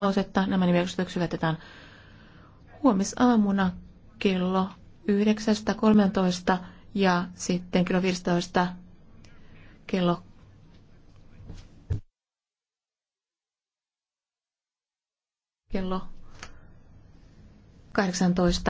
lausetta. Nämä nimitykset syvätetään huomisaamuna kello 9.13 ja sitten kello 15 kello kello 18.